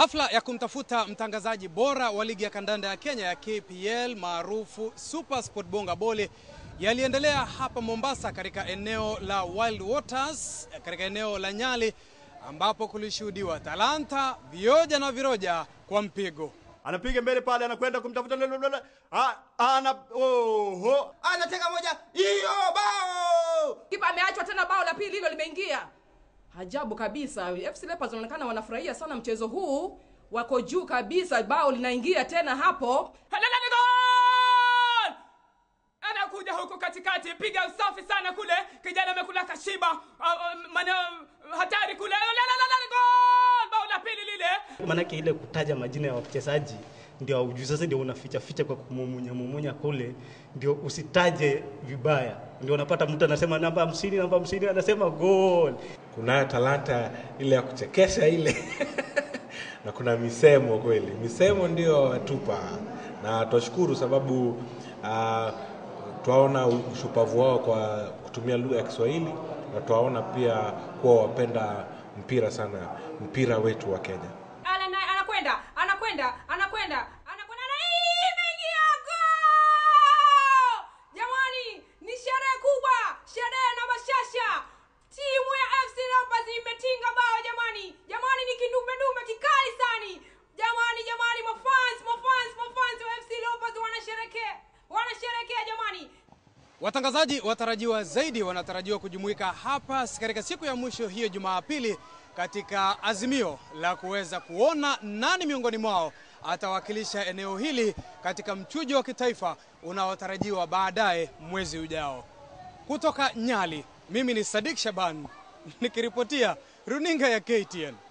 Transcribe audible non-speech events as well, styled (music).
Hafla ya kumtafuta mtangazaji bora wa ligi ya kandanda ya Kenya ya KPL maarufu Super Sport Bonga Bole yaliendelea hapa Mombasa katika eneo la Wild Waters katika eneo la Nyali ambapo kulishuhudiwa talanta vioja na viroja kwa mpigo. Anapiga mbele pale, anakwenda kumtafuta ana oho, anateka moja hiyo, bao! Kipa ameachwa tena, bao la pili hilo limeingia. Ajabu kabisa, FC Leopards wanaonekana wanafurahia sana mchezo huu, wako juu kabisa. Bao linaingia tena hapo, anakuja huku katikati, piga usafi sana kule, kijana amekula kashiba, ah, ah, maana hatari kule, bao la pili lile. Maanake ile kutaja majina ya wachezaji ndio aujui. Sasa ndio unaficha ficha kwa kumumunya mumunya kule, ndio usitaje vibaya, ndio unapata mtu anasema namba hamsini, namba hamsini, anasema goal kunayo talanta ile ya kuchekesha ile (laughs) na kuna misemo kweli, misemo ndio watupa, na twashukuru sababu uh, twaona ushupavu wao kwa kutumia lugha ya Kiswahili na twaona pia kuwa wapenda mpira sana, mpira wetu wa Kenya. Watangazaji watarajiwa zaidi wanatarajiwa kujumuika hapa katika siku ya mwisho hiyo Jumapili katika azimio la kuweza kuona nani miongoni mwao atawakilisha eneo hili katika mchujo wa kitaifa unaotarajiwa baadaye mwezi ujao. Kutoka Nyali, mimi ni Sadik Shaban (laughs) nikiripotia runinga ya KTN.